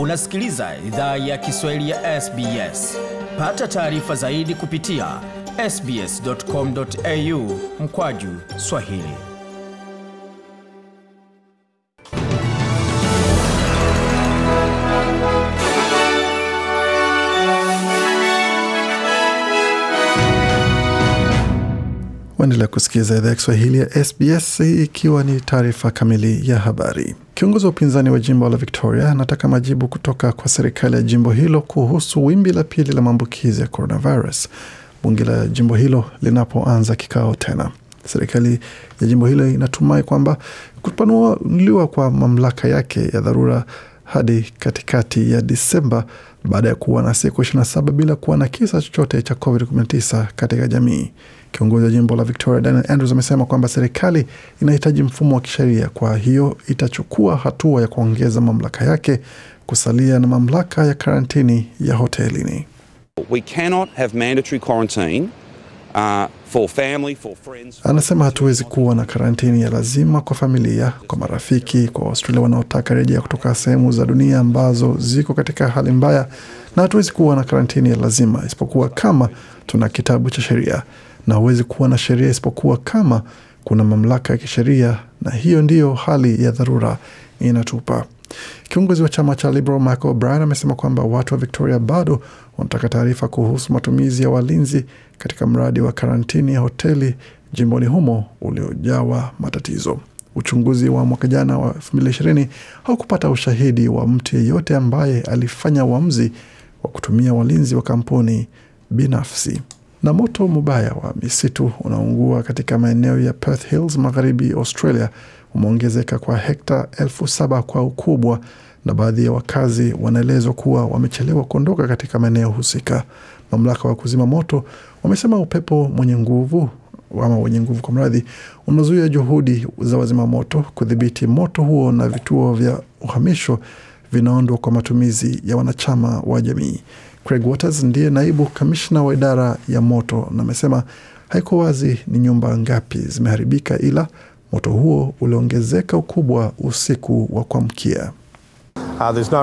Unasikiliza idhaa ya Kiswahili ya SBS. Pata taarifa zaidi kupitia sbs.com.au mkwaju Swahili. Waendelea kusikiliza idhaa ya Kiswahili ya SBS, ikiwa ni taarifa kamili ya habari. Kiongozi wa upinzani wa jimbo la Victoria anataka majibu kutoka kwa serikali ya jimbo hilo kuhusu wimbi la pili la maambukizi ya coronavirus bunge la jimbo hilo linapoanza kikao tena. Serikali ya jimbo hilo inatumai kwamba kupanuliwa kwa mamlaka yake ya dharura hadi katikati ya Disemba baada ya kuwa na siku 27 bila kuwa na kisa chochote cha COVID-19 katika jamii. Kiongozi wa jimbo la Victoria Daniel Andrews amesema kwamba serikali inahitaji mfumo wa kisheria, kwa hiyo itachukua hatua ya kuongeza mamlaka yake kusalia na mamlaka ya karantini ya hotelini. We cannot have mandatory quarantine Uh, anasema hatuwezi kuwa na karantini ya lazima kwa familia, kwa marafiki, kwa Waustralia wanaotaka rejea kutoka sehemu za dunia ambazo ziko katika hali mbaya, na hatuwezi kuwa na karantini ya lazima isipokuwa kama tuna kitabu cha sheria, na huwezi kuwa na sheria isipokuwa kama kuna mamlaka ya kisheria, na hiyo ndiyo hali ya dharura inatupa. Kiongozi wa chama cha Liberal Michael O'Brien amesema kwamba watu wa Victoria bado wanataka taarifa kuhusu matumizi ya walinzi katika mradi wa karantini ya hoteli jimboni humo uliojawa matatizo. Uchunguzi wa mwaka jana wa 2020 haukupata ushahidi wa mtu yeyote ambaye alifanya uamuzi wa kutumia walinzi wa kampuni binafsi. Na moto mubaya wa misitu unaungua katika maeneo ya Perth Hills, magharibi Australia umeongezeka kwa hekta elfu saba kwa ukubwa, na baadhi ya wakazi wanaelezwa kuwa wamechelewa kuondoka katika maeneo husika. Mamlaka wa kuzima moto wamesema upepo mwenye nguvu ama wenye nguvu kwa mradhi unazuia juhudi za wazima moto kudhibiti moto huo, na vituo vya uhamisho vinaondwa kwa matumizi ya wanachama wa jamii. Craig Waters ndiye naibu kamishna wa idara ya moto na amesema haiko wazi ni nyumba ngapi zimeharibika, ila Moto huo uliongezeka ukubwa usiku wa kuamkia. Uh,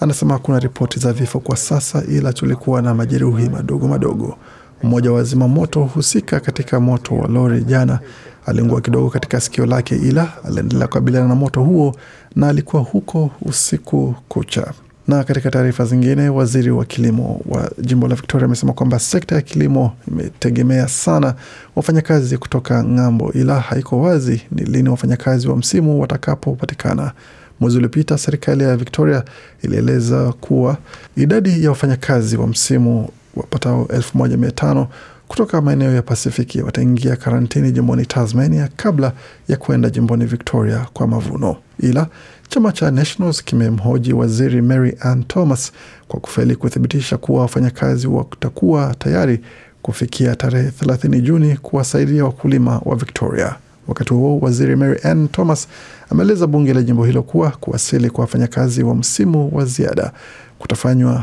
anasema hakuna ripoti za vifo kwa sasa, ila tulikuwa na majeruhi madogo madogo. Mmoja wa wazima moto husika katika moto wa lori jana aliungua kidogo katika sikio lake, ila aliendelea kukabiliana na moto huo na alikuwa huko usiku kucha. Na katika taarifa zingine, waziri wa kilimo wa jimbo la Victoria amesema kwamba sekta ya kilimo imetegemea sana wafanyakazi kutoka ng'ambo, ila haiko wazi ni lini wafanyakazi wa msimu watakapopatikana. Mwezi uliopita serikali ya Victoria ilieleza kuwa idadi ya wafanyakazi wa msimu wapatao 15 kutoka maeneo ya Pasifiki wataingia karantini jimboni Tasmania kabla ya kuenda jimboni Victoria kwa mavuno, ila Chama cha Nationals kimemhoji waziri Mary Ann Thomas kwa kufeli kuthibitisha kuwa wafanyakazi watakuwa tayari kufikia tarehe 30 Juni kuwasaidia wakulima wa Victoria. Wakati huo waziri Mary Ann Thomas ameeleza bunge la jimbo hilo kuwa kuwasili kwa wafanyakazi wa msimu wa ziada kutafanywa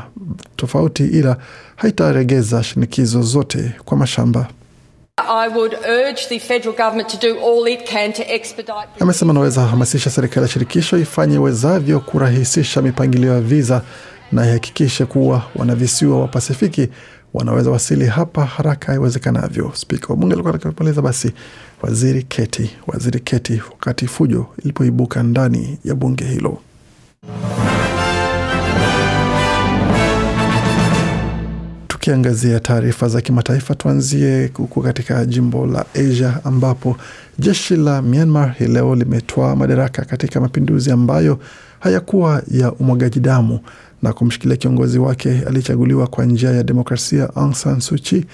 tofauti, ila haitaregeza shinikizo zote kwa mashamba. Amesema anaweza hamasisha serikali ya shirikisho ifanye iwezavyo kurahisisha mipangilio ya viza na ihakikishe kuwa wanavisiwa wa Pasifiki wanaweza wasili hapa haraka iwezekanavyo. Spika wa bunge alikuwa akimaliza basi waziri Keti, waziri Keti, wakati fujo ilipoibuka ndani ya bunge hilo. Tukiangazia taarifa za kimataifa, tuanzie huku katika jimbo la Asia ambapo jeshi la Myanmar hii leo limetoa madaraka katika mapinduzi ambayo hayakuwa ya umwagaji damu na kumshikilia kiongozi wake aliyechaguliwa kwa njia ya demokrasia Aung San Suu Kyi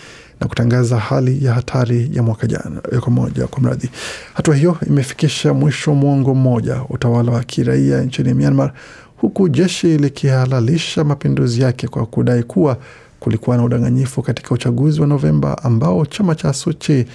na kutangaza hali ya hatari ya mwaka jana kwa moja kwa mradhi. Hatua hiyo imefikisha mwisho mwongo mmoja utawala wa kiraia nchini Myanmar, huku jeshi likihalalisha mapinduzi yake kwa kudai kuwa kulikuwa na udanganyifu katika uchaguzi wa Novemba ambao chama cha Suchi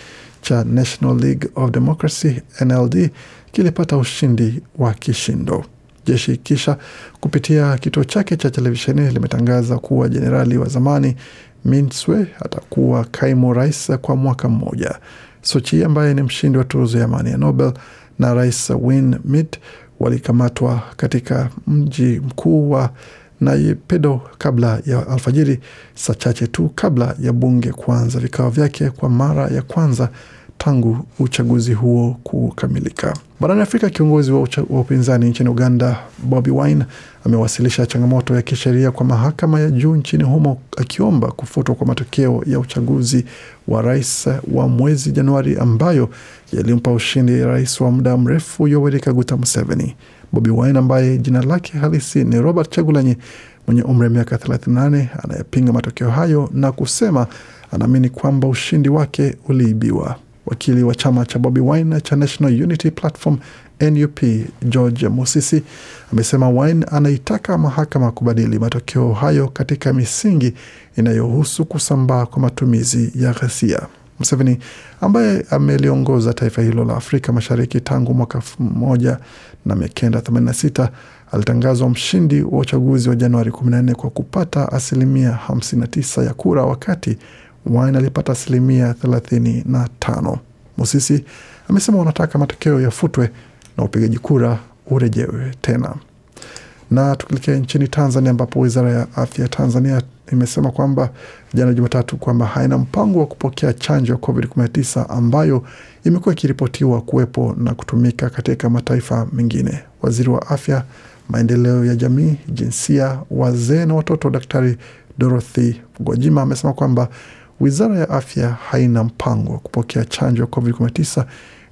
cha National League of Democracy NLD kilipata ushindi wa kishindo. Jeshi kisha kupitia kituo chake cha televisheni limetangaza kuwa jenerali wa zamani Minswe atakuwa kaimu rais kwa mwaka mmoja. Suchi ambaye ni mshindi wa tuzo ya amani ya Nobel na rais Win Myint walikamatwa katika mji mkuu wa Naipedo kabla ya alfajiri, saa chache tu kabla ya bunge kuanza vikao vyake kwa mara ya kwanza tangu uchaguzi huo kukamilika. Barani Afrika, kiongozi wa upinzani nchini Uganda Bobi Wine amewasilisha changamoto ya kisheria kwa mahakama ya juu nchini humo akiomba kufutwa kwa matokeo ya uchaguzi wa rais wa mwezi Januari ambayo yalimpa ushindi rais wa muda mrefu Yoweri Kaguta Museveni. Bobi Wine ambaye jina lake halisi ni Robert Chagulanyi mwenye umri wa miaka 38 anayepinga matokeo hayo na kusema anaamini kwamba ushindi wake uliibiwa. Wakili wa chama cha Bobi Wine cha National Unity Platform NUP George Musisi amesema Wine anaitaka mahakama kubadili matokeo hayo katika misingi inayohusu kusambaa kwa matumizi ya ghasia. Museveni ambaye ameliongoza taifa hilo la Afrika Mashariki tangu mwaka elfu moja na mia kenda themanini na sita alitangazwa mshindi wa uchaguzi wa Januari 14 kwa kupata asilimia 59 ya kura, wakati Wine alipata asilimia 35. Musisi amesema wanataka matokeo yafutwe na upigaji kura urejewe tena. Na tukilekea nchini Tanzania, ambapo wizara ya afya ya Tanzania imesema kwamba jana Jumatatu kwamba haina mpango wa kupokea chanjo ya COVID-19 ambayo imekuwa ikiripotiwa kuwepo na kutumika katika mataifa mengine. Waziri wa afya, maendeleo ya jamii, jinsia, wazee na watoto, Daktari Dorothy Gwajima amesema kwamba wizara ya afya haina mpango wa kupokea chanjo ya COVID-19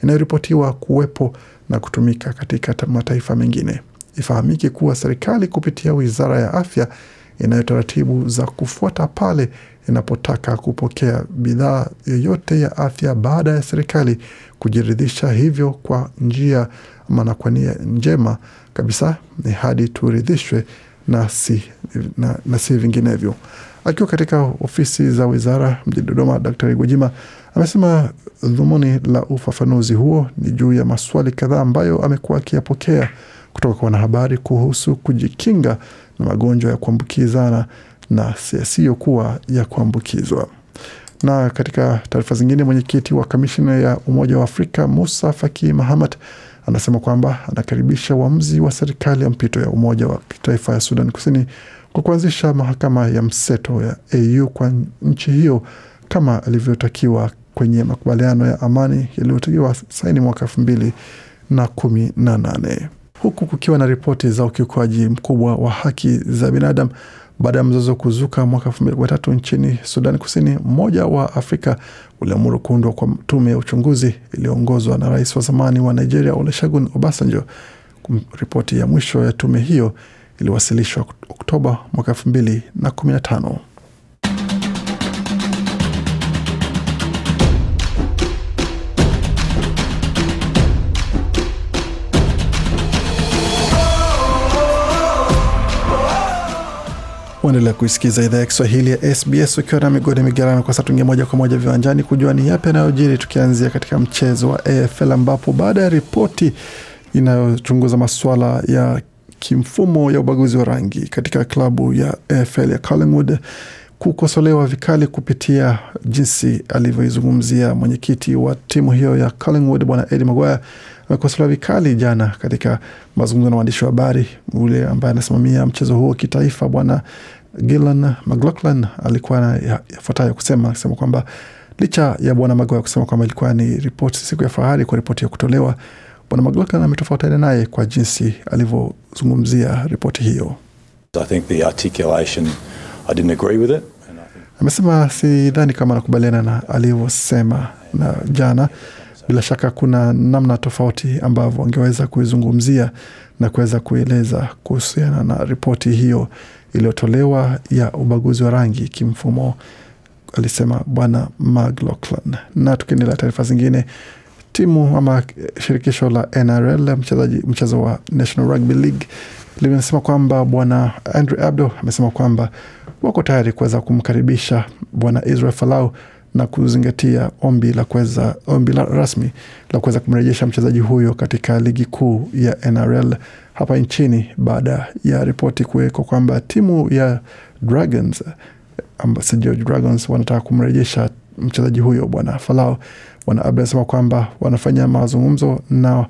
inayoripotiwa kuwepo na kutumika katika mataifa mengine. Ifahamike kuwa serikali kupitia wizara ya afya inayo taratibu za kufuata pale inapotaka kupokea bidhaa yoyote ya afya baada ya serikali kujiridhisha hivyo kwa njia maana, kwa nia njema kabisa ni hadi turidhishwe na si, na, na si vinginevyo. Akiwa katika ofisi za wizara mjini Dodoma, Daktari Gwajima amesema dhumuni la ufafanuzi huo ni juu ya maswali kadhaa ambayo amekuwa akiyapokea kutoka kwa wanahabari kuhusu kujikinga na magonjwa ya kuambukizana na yasiyokuwa ya kuambukizwa. Na katika taarifa zingine, mwenyekiti wa kamishina ya Umoja wa Afrika Musa Faki Mahamat anasema kwamba anakaribisha uamuzi wa serikali ya mpito ya Umoja wa Kitaifa ya Sudan Kusini kwa kuanzisha mahakama ya mseto ya AU kwa nchi hiyo kama alivyotakiwa kwenye makubaliano ya amani yaliyotakiwa saini mwaka elfu mbili na kumi na nane huku kukiwa na ripoti za ukiukwaji mkubwa wa haki za binadamu baada ya mzozo kuzuka mwaka elfu mbili kumi na tatu nchini Sudan Kusini. Mmoja wa Afrika uliamuru kuundwa kwa tume ya uchunguzi iliyoongozwa na rais wa zamani wa Nigeria Olusegun Obasanjo. Ripoti ya mwisho ya tume hiyo iliwasilishwa Oktoba mwaka elfu mbili na kumi na tano. Uendelea kuisikiza idhaa ya Kiswahili ya SBS ukiwa na migodi migarano. Kwa sasa tuingia moja kwa moja viwanjani kujua ni yapi yanayojiri, tukianzia katika mchezo wa AFL ambapo baada ya ripoti inayochunguza masuala ya kimfumo ya ubaguzi wa rangi katika klabu ya AFL ya Collingwood kukosolewa vikali kupitia jinsi alivyoizungumzia mwenyekiti wa timu hiyo ya Collingwood Bwana Eddie Maguire amekosolewa vikali jana katika mazungumzo na waandishi wa habari, ule ambaye anasimamia mchezo huo kitaifa, Bwana Gillan McLaughlin alikuwa na yafuatayo kusema akisema kwamba licha ya bwana Maguire kusema kwamba ilikuwa ni ripoti siku ya fahari kwa ripoti ya kutolewa, bwana McLaughlin ametofautiana naye kwa jinsi alivyozungumzia ripoti hiyo. I think the articulation, I didn't agree with it. Amesema sidhani kama anakubaliana na alivyosema na jana. Bila shaka kuna namna tofauti ambavyo angeweza kuizungumzia na kuweza kueleza kuhusiana na ripoti hiyo iliyotolewa ya ubaguzi wa rangi kimfumo, alisema Bwana McLaughlin. Na tukiendelea taarifa zingine, timu ama shirikisho la NRL mchezo wa National Rugby League limesema kwamba Bwana Andrew Abdo amesema kwamba wako tayari kuweza kumkaribisha Bwana Israel Falau na kuzingatia ombi la kuweza ombi la rasmi la kuweza kumrejesha mchezaji huyo katika ligi kuu ya NRL hapa nchini baada ya ripoti kuwekwa kwamba timu ya Dragons Dragons wanataka kumrejesha mchezaji huyo bwana Falao. Bwana Abdi anasema kwamba wanafanya mazungumzo na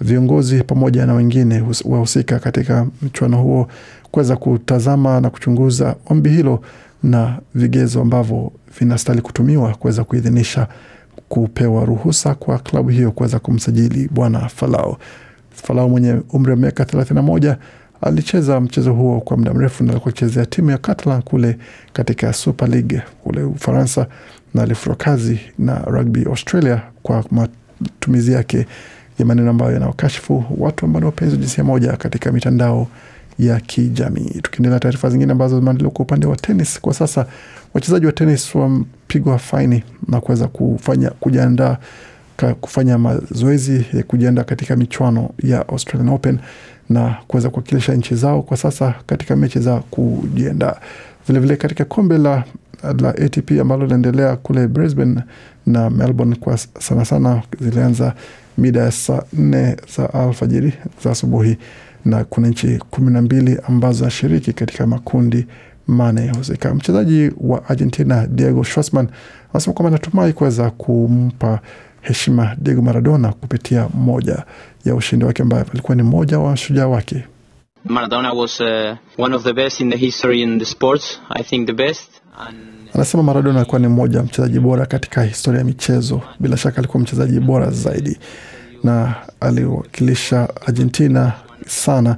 viongozi pamoja na wengine wahusika katika mchuano huo kuweza kutazama na kuchunguza ombi hilo na vigezo ambavyo vinastahili kutumiwa kuweza kuidhinisha kupewa ruhusa kwa klabu hiyo kuweza kumsajili bwana Falao. Falau mwenye umri wa miaka 31 alicheza mchezo huo kwa muda mrefu na kuchezea timu ya Catalan kule katika Super League kule Ufaransa, na alifurua kazi na Rugby Australia kwa matumizi yake ya maneno ambayo yanaokashifu watu ambao ni wapenzi wa jinsia moja katika mitandao ya kijamii. Tukiendelea taarifa zingine ambazo zimeandaliwa kwa upande wa tenis, kwa sasa wachezaji wa tenis wampigwa faini na kuweza kufanya kujiandaa kufanya mazoezi ya eh, kujienda katika michuano ya Australian Open na kuweza kuwakilisha nchi zao kwa sasa katika mechi za kujiandaa. Vilevile katika kombe la, la ATP ambalo linaendelea kule Brisbane na Melbourne kwa sana sana zilianza mida ya saa nne za alfajiri za asubuhi, na kuna nchi kumi na mbili ambazo zinashiriki katika makundi mane husika. Mchezaji wa Argentina Diego Schwartzman anasema kwamba anatumai kuweza kumpa heshima Diego Maradona kupitia moja ya ushindi wake ambaye alikuwa ni mmoja wa shujaa wake. Maradona was uh, one of the best in the history in the sports. I think the best. And... Anasema Maradona alikuwa ni mmoja mchezaji bora katika historia ya michezo. Bila shaka alikuwa mchezaji bora zaidi na aliwakilisha Argentina sana,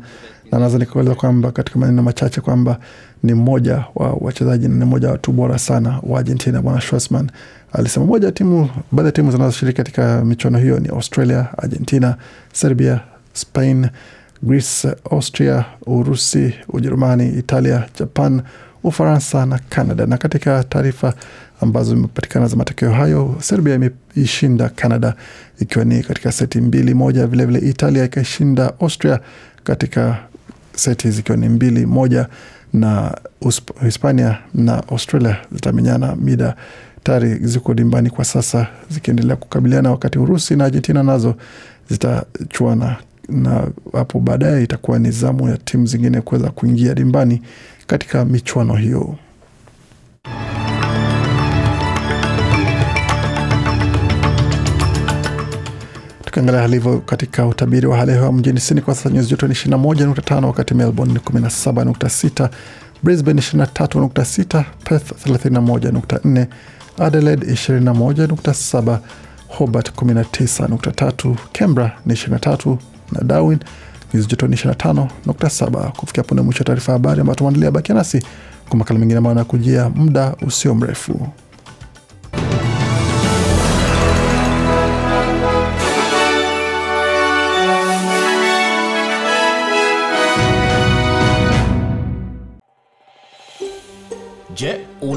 na naweza nikaeleza kwamba katika maneno machache kwamba ni mmoja wa wachezaji na ni mmoja watu bora sana wa Argentina, Bwana Schwarzman Alisema moja timu, baadhi ya timu zinazoshiriki katika michuano hiyo ni Australia, Argentina, Serbia, Spain, Greece, Austria, Urusi, Ujerumani, Italia, Japan, Ufaransa na Canada. Na katika taarifa ambazo zimepatikana za matokeo hayo, Serbia imeishinda Canada ikiwa ni katika seti mbili moja, vilevile vile Italia ikashinda Austria katika seti zikiwa ni mbili moja, na Hispania na Australia zitamenyana mida tayari ziko dimbani kwa sasa zikiendelea kukabiliana, wakati Urusi na Argentina nazo zitachuana na hapo baadaye itakuwa ni zamu ya timu zingine kuweza kuingia dimbani katika michuano hiyo. Tukiangalia hali hivyo katika utabiri wa hali ya hewa mjini Sydney kwa sasa nyuzi joto ni 21.5, wakati Melbourne ni 17.6, Brisbane 23.6, Perth 31.4 Adelaide 21.7, Hobart 19.3, Canberra ni 23 na Darwin nyuzi joto ni 25.7. Kufikia punde mwisho wa taarifa ya habari ambayo tumeandalia, bakia nasi kwa makala mengine ambayo yanakujia muda usio mrefu.